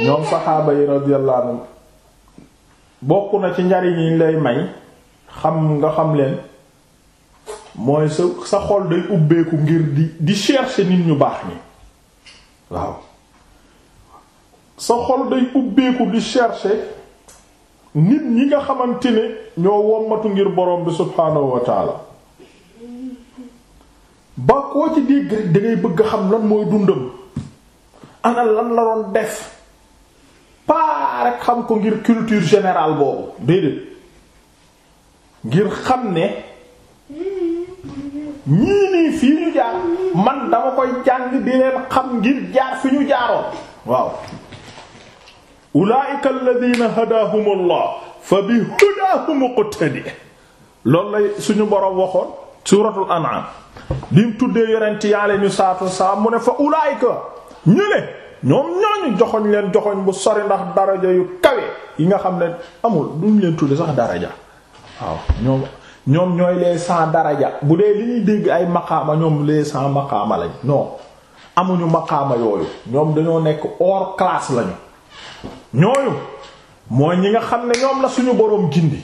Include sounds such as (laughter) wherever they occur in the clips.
ñoom saxaaba yi radiyallahu bokk na ci njariñ yi lay may xam nga xam leen mooy sa sa xol day ubbeeku ngir di di chercher nit ñu baax ñi waaw sa xol day ubbeeku di chercher nit ñi nga xamante ne ñoo wommatu ngir borom bi subhaanahu wa taala ba koo ci dégg dangay bëgg xam lan mooy dundam ana lan la doon def rek xam ko ngir culture générale boobu déedéet ngir xam ne ñii nii fii ñu jaar man dama koy jàng di leen xam ngir jaar fi ñu jaaroon waaw ulaa'ika alladhina hadahumullah fa bi hudahum iqtadi loolu lay suñu boroom waxoon suuratul an'am bi mu tuddee yonent yaa ñu saatu saa mu ne fa ulaa'ika ñu ñoom ñooñu joxoñ leen joxoñ bu sori ndax daraja yu kawe yi nga xam ne amul duñ leen tudde sax daraja waaw ñoom ñoom ñooy les cent daraja bu dee li ñuy dégg ay maqaama ñoom les cent maqaama lañ non amuñu maqaama yooyu ñoom dañoo nekk hors classe lañu ñooñu mooy ñi nga xam ne ñoom la suñu boroom gindi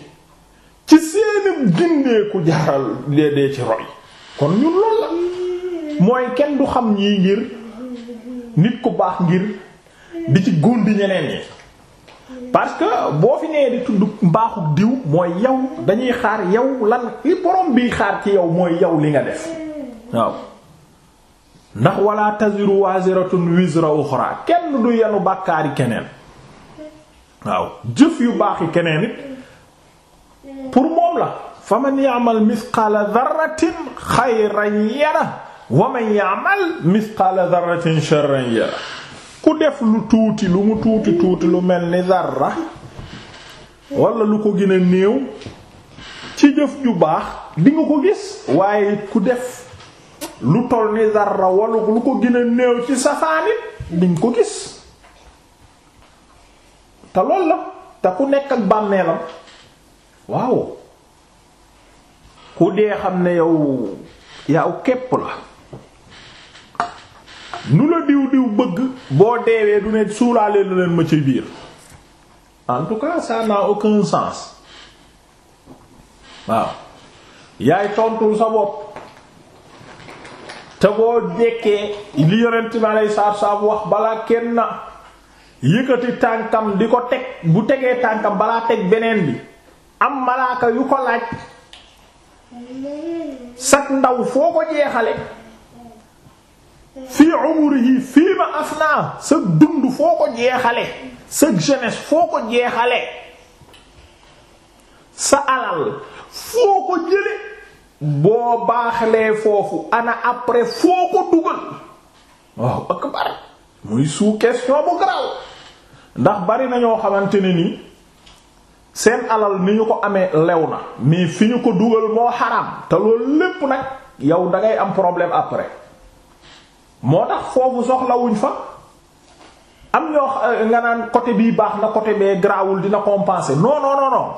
ci seeni gindeeku jaaral dee ci roy kon ñun loolu la mooy kenn du xam ñii ngir nit ku baax ngir di ci góndi ñeneen ñi parce que boo fi nee di tudd mbaaxu diw mooy yow dañuy xaar yow lan li borom bi xaar ci yow mooy yow li nga def waaw ndax wala taziru waziratun wizra uxra kenn du yenu bàkkaari keneen waaw jëf yu baax yi keneen it pour moom la faman ya'mal mithqala dharratin xayran yara wa man ya'mal mithqala dharratin sharran yara ku def lu tuuti lu mu tuuti tuuti lu mel ni dara wala lu ko gën a néew ci jëf ju baax di nga ko gis waaye ku def lu toll ni dara walla lu ko gën a néew ci safaanit di nga ko gis te lool la te ku nekk ak bàmmeelam waaw ku dee xam ne yow yaw képp la lu la diw diw bëgg boo deewee du ne suulaalee na leen ma ci biir en tout cas ça n'a aucun sens waaw yaay tontul sa bopp te boo dekkee li yonent bi alay saab saab wax balaa kenn na yëkkati tànkam di ko teg bu tegee tànkam balaa teg beneen bi am malaaka yu ko laaj sag ndaw foo ko jeexale fii umrihi fii ma afna sa dund foo ko jeexale sa jeunesse foo ko jeexale sa alal foo ko jële boo baaxlee foofu ana après foo ko dugal waaw akbar muy sous question bu garaw ndax bari na ñoo xamante ne ni seen alal ni ñu ko amee lew na mais fi ñu ko dugal moo xaraam te loolu lépp nag yow dangay am problème après moo tax foofu soxlawuñ fa am ñoo eh, nga naan côté bii baax na côté bee garaawul dina compenser non non non non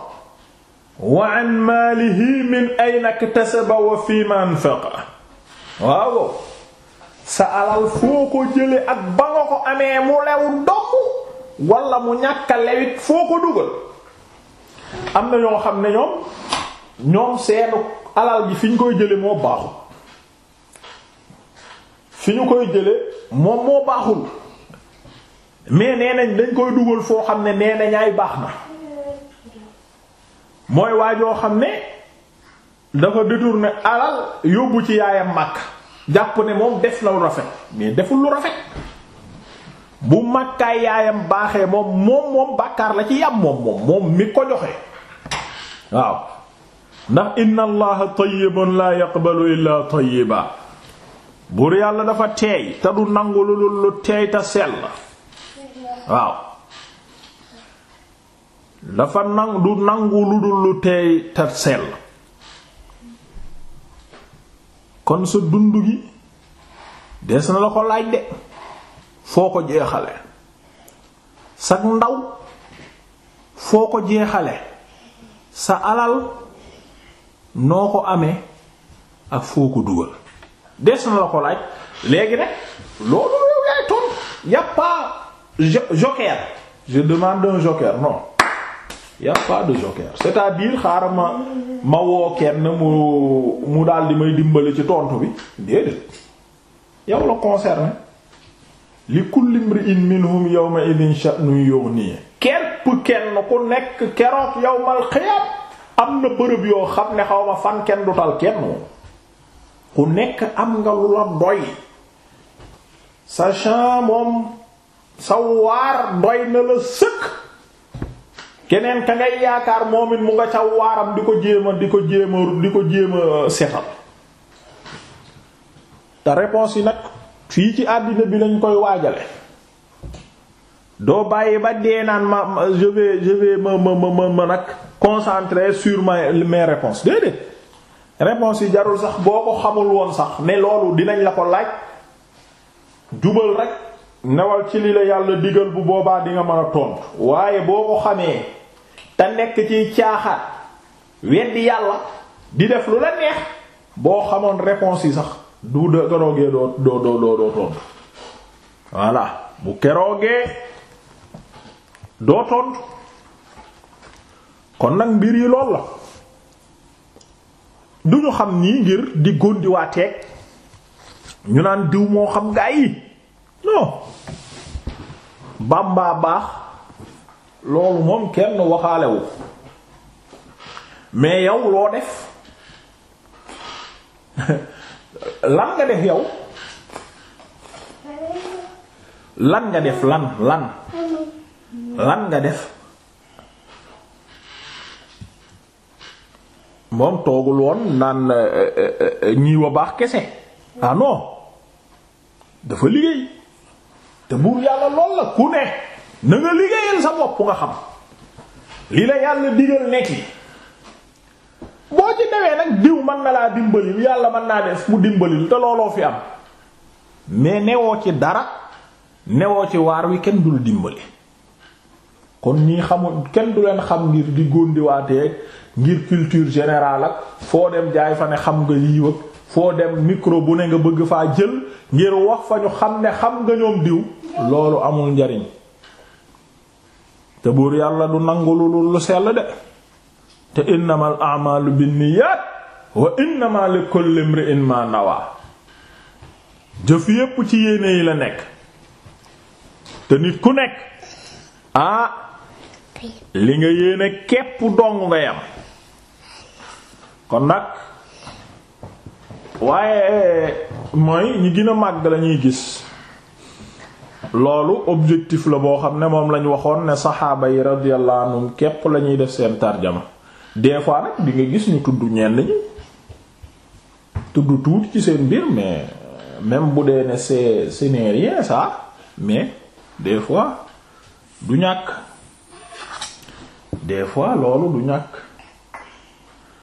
wa an maalihi min ayna iktasaba wa fima anfaqa waaw sa alal foo ko jële ak ba nga ko amee mu lew dong wala mu ñàkk lewit foo ko dugal am na ñoo xam ne ñoom ñoom seenu alal ji fi koy jële moo baaxu fi ñu koy jële moom moo baaxul mais nee nañ dañ koy dugal foo xam ne nee nañ ay baax na mooy waajoo xam ne dafa ne alal yóbbu ci yaayam màkk jàpp ne moom def na lu rafet mais deful lu rafet bu màkkaay yaayam baaxee moom moom moom bàkkaar la ci yam moom moom mi ko joxe waaw ndax inna allaha tayyibun la yaqbalu illa tayyiba buur yàlla dafa teey te du nangu lu lu teey te sell waaw dafa nangu du nangu lu dul lu teey te sell kon sa dund gi des na la ko laaj de foo ko jeexale sa ndaw foo ko jeexale sa alal noo ko amee ak foo ko dugal des na la ko laaj léegi nag loolu yow yaay tontu y a pas je demande un non y de joker cest à biir xaaral ma ma woo kenn mu mu daal di may dimbali ci tontu bi déedéet yow la concerné li kulli imri'in minhum yawma idhin sha'nun yughni képp kenn ku nekk keroog yawmal qiyaam am na bërëb yoo xam ne xaw ma fan kenn du tal kenn moom ku nekk am nga lu la doy sa champ moom sa waar doy na la sëkk keneen ka ngay yaakaar moom it mu nga ca waaram di ko jéema di ko jéema di ko jéema setal te réponse yi nag fii ci àddina bi lañ koy waajale doo bàyyi ba dee naan ma je vais je vais ma ma ma ma nag concentrer sur ma mes réponses déedéet réponse yi jarul sax boo ko xamul woon sax ne loolu dinañ la ko laaj jubal rek newal ci li la yàlla digal bu boobaa di nga mën a tontu waaye boo ko xamee te nekk ci caaxaat weddi yàlla di def lu la neex boo xamoon réponse yi sax du de keroogee doo doo doo doo tontu voilà bu keroogee doo tontu kon nag mbir yi lool la du ñu xam nii ngir di góndiwaateeg ñu naan diw moo xam gaa yi non bàmbaa baax loolu moom kenn waxaalewu mais yow loo def (laughs) lan nga def yow lan nga def lan lan lan nga def moom toogul woon naan euh, euh, euh, ñii wa baax kese ah non dafa liggéey te buur yàlla lool la ku ne na liggéeyal sa bopp nga xam li la yàlla digal nekk yi boo ci newee nag diw mën na laa dimbalil yàlla mën naa def mu dimbalil te looloo fi am mais newoo ci dara newoo ci waar wi kenn dul dimbali kon ñii xamul kenn du leen xam ngir di góndiwaatee ngir culture générale ak foo dem jaay fa ne xam nga yiiw foo dem micro bu ne nga bëgg faa jël ngir wax fa ñu xam ne xam nga ñoom diw loolu amul njariñ te buur yàlla du nangu lu lu sell de te innamal a'malu binniyat wa innama likulli imri'in ma nawaa jëf yépp ci yéene yi la nekk te nit ku nekk ah li nga yéene képp dong nga kon nag waaye mooy ñi gën a màgg lañuy gis loolu objectif la boo xam ne moom lañu waxoon ne saxaaba yi radiyallahu anhum képp la ñuy def seen tarjama des fois nag di nga gis ñu tudd ñenn ñi tudd tuuti ci seen mbir mais même bu dee ne c'est ce n'est mais des fois du ñàkk des fois loolu du ñàkk